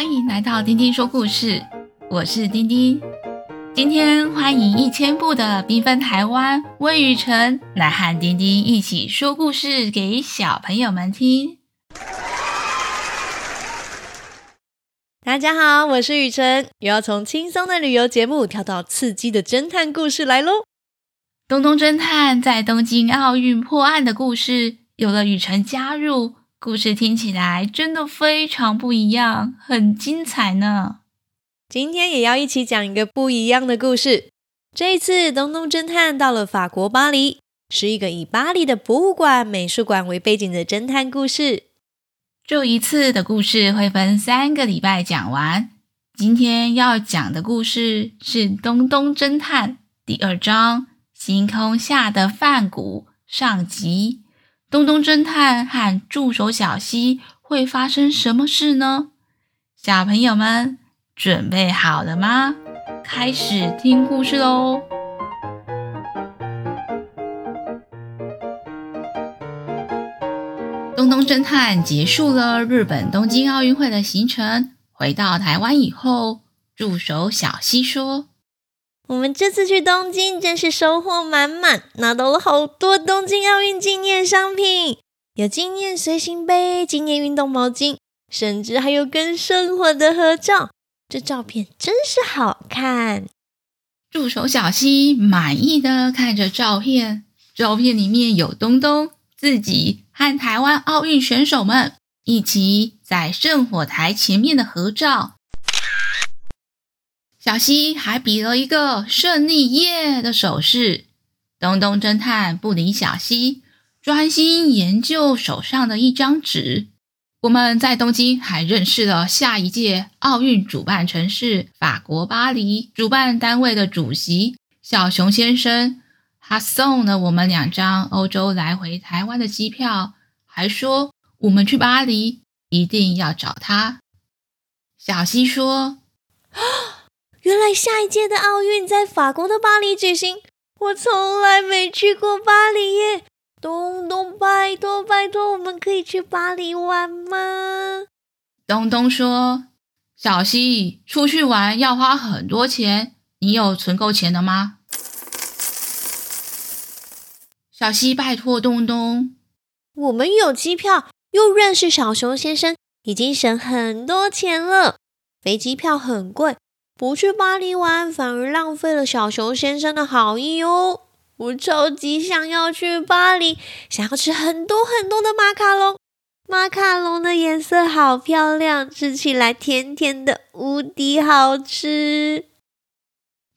歡迎來到丁丁說故事，我是丁丁。今天歡迎一千步的繽紛台灣魏宇晨來和丁丁一起說故事給小朋友們聽。大家好，我是宇晨，又要從輕鬆的旅遊節目跳到刺激的偵探故事來嘍。東東偵探在東京奧運破案的故事，有了宇晨加入。故事聽起來真的非常不一樣，很精彩呢。今天也要一起講一個不一樣的故事。這一次，東東偵探到了法國巴黎，是一個以巴黎的博物館、美術館為背景的偵探故事。這一次的故事會分三個禮拜講完。今天要講的故事是《東東偵探》第二章《星空下的梵谷》上集。東東偵探和助手小希，會發生什麼事呢？小朋友們準備好了嗎？開始聽故事嘍！東東偵探結束了日本東京奧運會的行程，回到台灣以後，助手小希說。我們這次去東京真是收穫滿滿，拿到了好多東京奧運紀念商品，有紀念隨行杯、紀念運動毛巾，甚至還有跟聖火的合照。這照片真是好看。助手小希滿意的看着照片，照片裡面有東東自己和台灣奧運選手們一起在聖火台前面的合照。小希還比了一個勝利耶的手勢。東東偵探不理小希，專心研究手上的一張紙。我們在東京還認識了下一屆奧運主辦城市法國巴黎主辦單位的主席小熊先生，他送了我們兩張歐洲來回台灣的機票，還說我們去巴黎一定要找他。小希說。原來下一屆的奧運在法國的巴黎舉行，我從來沒去過巴黎耶。東東，拜托拜托，我們可以去巴黎玩嗎？東東說：“小希，出去玩要花很多錢，你有存夠錢的嗎？”小希拜托東東，我們有機票，又認識小熊先生，已經省很多錢了。飛機票很貴。不去巴黎玩，反而浪費了小熊先生的好意哦。我超級想要去巴黎，想要吃很多很多的馬卡龍。馬卡龍的顏色好漂亮，吃起來甜甜的，無敵好吃。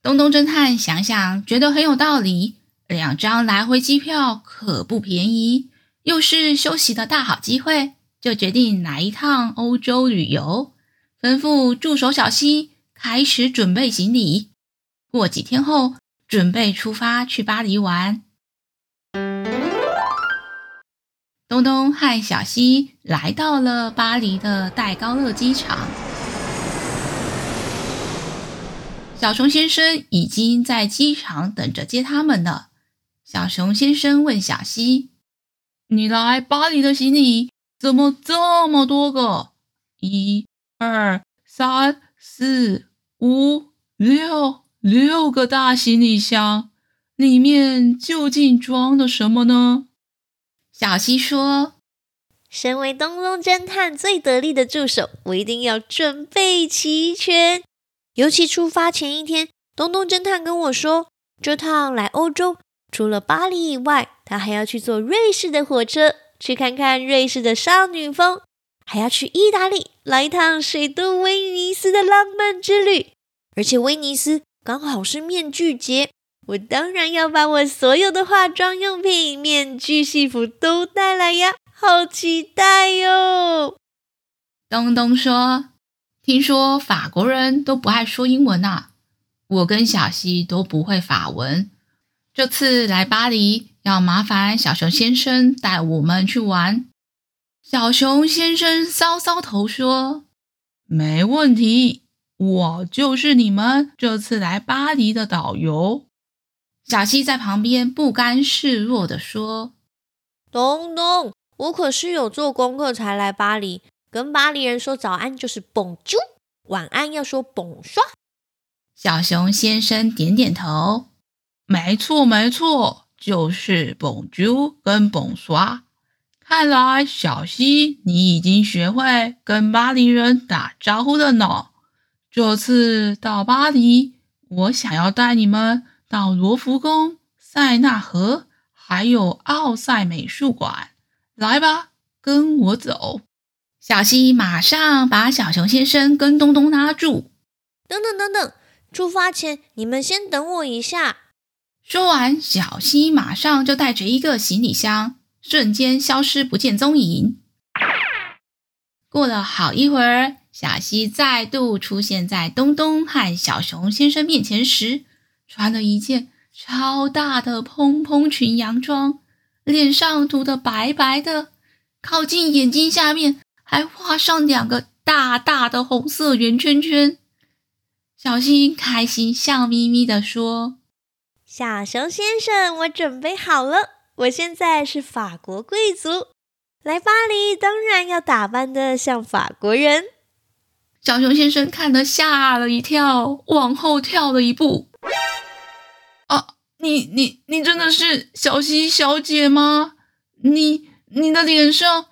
東東偵探想想覺得很有道理，兩張來回機票可不便宜，又是休息的大好機會，就決定來一趟歐洲旅遊，吩咐助手小希，開始準備行李，過幾天後準備出發去巴黎玩。東東和小希來到了巴黎的戴高樂機場，小熊先生已經在機場等着接他們了。小熊先生問小希：“你來巴黎的行李怎麼這麼多個？一、二、三、四。”五六六個大行李箱，裡面究竟裝的什麼呢？小希說：“身為東東偵探最得力的助手，我一定要準備齊全。尤其出發前一天，東東偵探跟我說，這趟來歐洲除了巴黎以外，他還要去坐瑞士的火車，去看看瑞士的少女峰。還要去意大利，來一趟水都威尼斯的浪漫之旅。”而且威尼斯剛好是面具節，我當然要把我所有的化妝用品、面具、戲服都帶來呀，好期待喲、哦！東東說：“聽說法國人都不愛說英文吶、啊，我跟小希都不會法文，這次來巴黎要麻煩小熊先生帶我們去玩。”小熊先生搔搔頭說：“沒問題。”我就是你們這次來巴黎的導遊。小西在旁邊不甘示弱地說：“東東，我可是有做功課才來巴黎，跟巴黎人說早安就是 Bonjour，晚安要說 Bonsoir。”小熊先生點點頭：“沒錯，沒錯，就是 Bonjour 跟 Bonsoir。看來小西，你已經學會跟巴黎人打招呼了呢。”這次到巴黎，我想要帶你們到羅浮宮、塞納河，還有奧賽美術館。來吧，跟我走。小希馬上把小熊先生跟東東拉住。等等等等，出發前你們先等我一下。說完，小希馬上就帶着一個行李箱，瞬間消失不見蹤影。過了好一會兒。小希再度出現在東東和小熊先生面前時，穿了一件超大的蓬蓬裙洋裝，臉上塗的白白的，靠近眼睛下面還畫上兩個大大的紅色圓圈圈。小希開心笑眯眯的說：“小熊先生，我準備好了，我現在是法國貴族，來巴黎當然要打扮的像法國人。”小熊先生看得嚇了一跳，往後跳了一步。啊，你、你、你真的是小希小姐嗎？你、你的臉上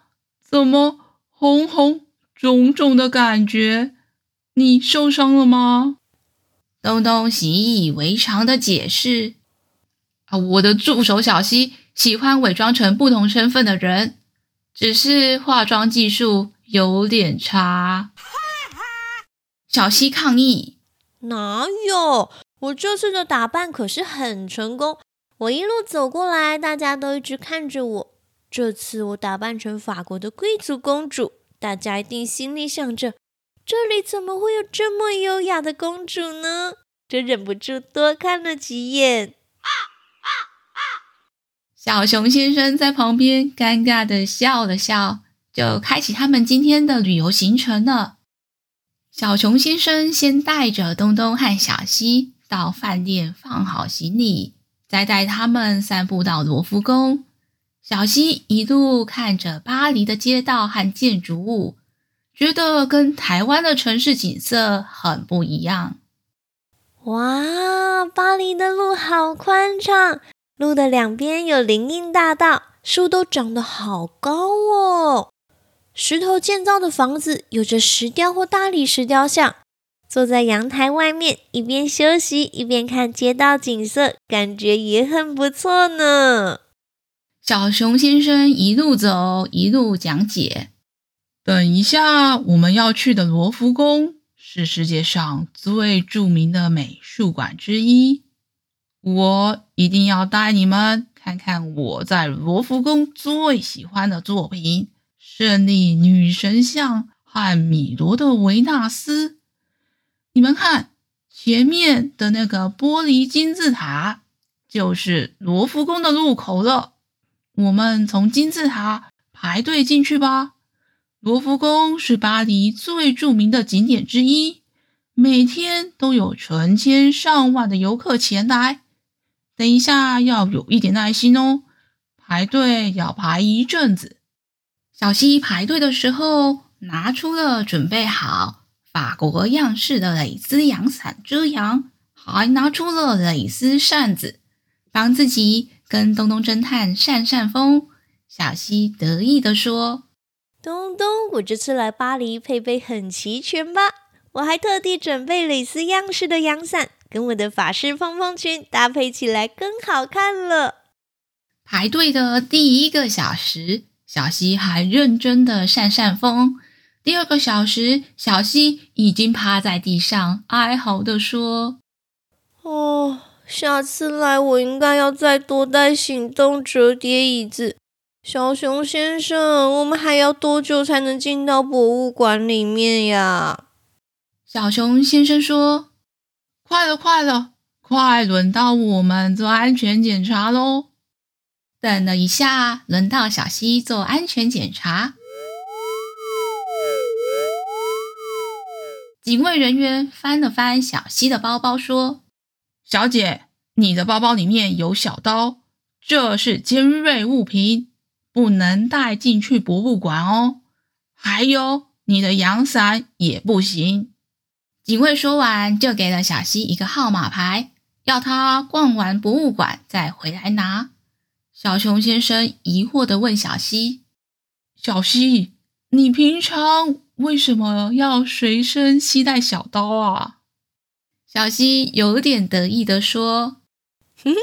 怎麼紅紅腫腫的感覺？你受傷了嗎？東東習以為常的解釋：“啊，我的助手小希喜歡偽裝成不同身份的人，只是化妝技術有點差。”小希抗議，哪有？我這次的打扮可是很成功。我一路走過來，大家都一直看着我。這次我打扮成法國的貴族公主，大家一定心裡想着，這裡怎麼會有這麼優雅的公主呢？就忍不住多看了幾眼。啊啊啊。小熊先生在旁邊尷尬的笑了笑，就開啟他們今天的旅遊行程了。小熊先生先帶着東東和小希到飯店放好行李，再帶他們散步到羅浮宮。小希一路看着巴黎的街道和建築物，覺得跟台灣的城市景色很不一樣。哇，巴黎的路好寬敞，路的兩邊有林蔭大道，樹都長得好高哦。石頭建造的房子有着石雕或大理石雕像，坐在陽台外面一邊休息一邊看街道景色，感覺也很不錯呢。小熊先生一路走一路講解。等一下，我們要去的羅浮宮是世界上最著名的美術館之一，我一定要帶你們看看我在羅浮宮最喜歡的作品。勝利女神像和米羅的維納斯，你們看，前面的那個玻璃金字塔就是羅浮宮的入口了。我們從金字塔排隊進去吧。羅浮宮是巴黎最著名的景點之一，每天都有成千上萬的遊客前來。等一下要有一點耐心哦，排隊要排一陣子。小西排隊的時候，拿出了準備好法國樣式的蕾絲陽傘遮陽，還拿出了蕾絲扇子，幫自己跟東東偵探扇扇風。小西得意地說：“東東，我這次來巴黎配備很齊全吧？我還特地準備蕾絲樣式的陽傘，跟我的法式蓬蓬裙搭配起來更好看了。”排隊的第一個小時。小希還認真地扇扇風。第二個小時，小希已經趴在地上，哀嚎地說：“哦，下次來我應該要再多帶行動折疊椅子。”小熊先生，我們還要多久才能進到博物館裡面呀？小熊先生說：“快了，快了，快輪到我們做安全檢查嘍。”等了一下，輪到小希做安全檢查。警衛人員翻了翻小希的包包，說：“小姐，你的包包裡面有小刀，這是尖銳物品，不能帶進去博物館哦。還有，你的陽傘也不行。”警衛說完，就給了小希一個號碼牌，要她逛完博物館再回來拿。小熊先生疑惑地問小希：“小希，你平常為什麼要隨身攜帶小刀啊？”小希有點得意地說：“哼哼，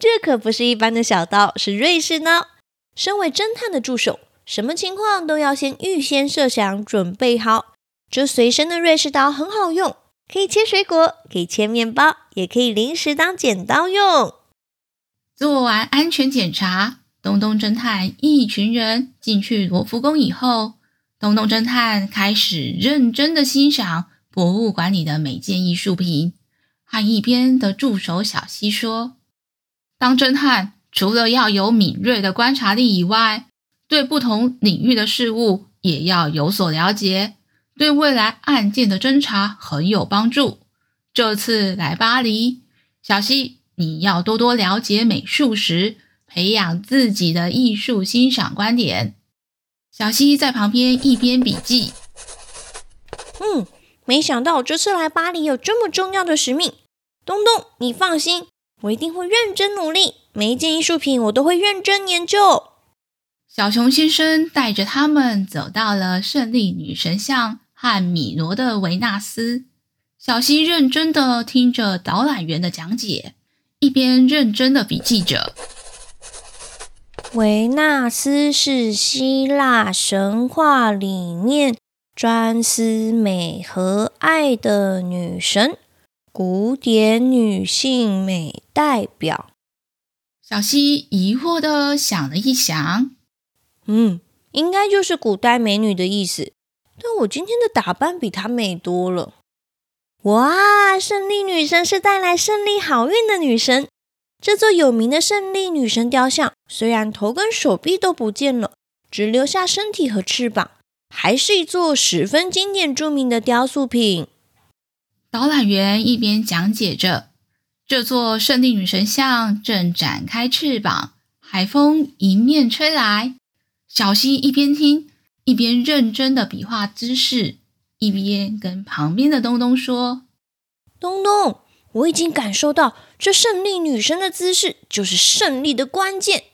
這可不是一般的小刀，是瑞士刀。身為偵探的助手，什麼情況都要先預先設想，準備好。這隨身的瑞士刀很好用，可以切水果，可以切麵包，也可以臨時當剪刀用。”做完安全檢查，東東偵探一群人進去羅浮宮以後，東東偵探開始認真的欣賞博物館裡的每件藝術品，和一邊的助手小希說：“當偵探除了要有敏銳的觀察力以外，對不同領域的事物也要有所了解，對未來案件的偵查很有幫助。這次來巴黎，小希。”你要多多了解美術史，培養自己的藝術欣賞觀點。小希在旁邊一邊筆記。嗯，沒想到這次來巴黎有這麼重要的使命。東東，你放心，我一定會認真努力，每一件藝術品我都會認真研究。小熊先生帶着他們走到了勝利女神像和米羅的維納斯。小希認真的聽着導覽員的講解。一邊認真的筆記著。維納斯是希臘神話裡面專司美和愛的女神，古典女性美代表。小希疑惑的想了一想，嗯，應該就是古代美女的意思，但我今天的打扮比她美多了。哇，勝利女神是帶來勝利好運的女神。這座有名的勝利女神雕像，雖然頭跟手臂都不見了，只留下身體和翅膀，還是一座十分經典著名的雕塑品。導覽員一邊講解着，這座勝利女神像正展開翅膀，海風迎面吹來。小希一邊聽，一邊認真的比劃姿勢。一邊跟旁邊的東東說：“東東，我已經感受到這勝利女神的姿勢就是勝利的關鍵。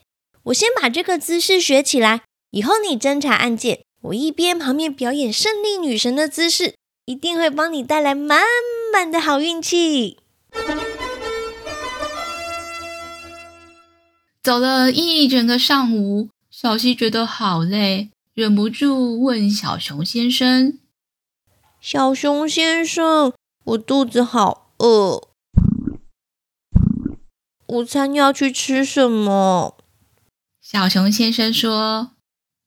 我先把這個姿勢學起來，以後你偵查案件，我一邊旁邊表演勝利女神的姿勢，一定會幫你帶來滿滿的好運氣。”走了一整個上午，小希覺得好累，忍不住問小熊先生。小熊先生，我肚子好餓，午餐要去吃什麼？小熊先生說：“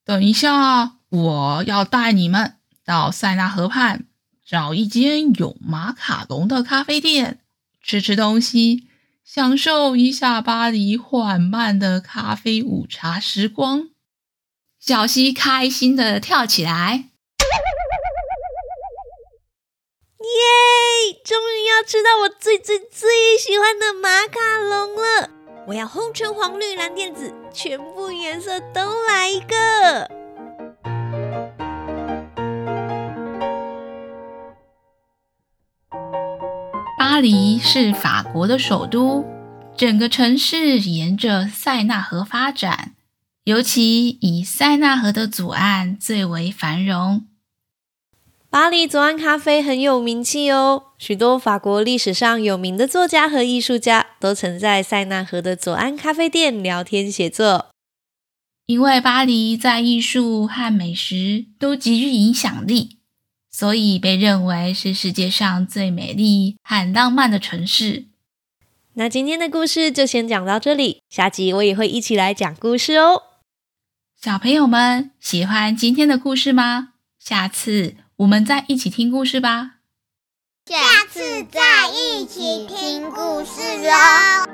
等一下，我要帶你們到塞納河畔找一間有馬卡龍的咖啡店吃吃東西，享受一下巴黎緩慢的咖啡午茶時光。”小希開心的跳起來。終於要吃到我最最最喜歡的馬卡龍了！我要紅、橙、黃、綠、藍、靛、紫，全部顏色都來一個。巴黎是法國的首都，整個城市沿着塞納河發展，尤其以塞納河的左岸最為繁榮。巴黎左岸咖啡很有名氣哦。許多法國歷史上有名的作家和藝術家都曾在塞納河的左岸咖啡店聊天寫作。因為巴黎在藝術和美食都極具影響力，所以被認為是世界上最美麗和浪漫的城市。那今天的故事就先講到這裡，下集我也會一起來講故事哦。小朋友們喜歡今天的故事嗎？下次。我們再一起聽故事吧。下次再一起聽故事哦。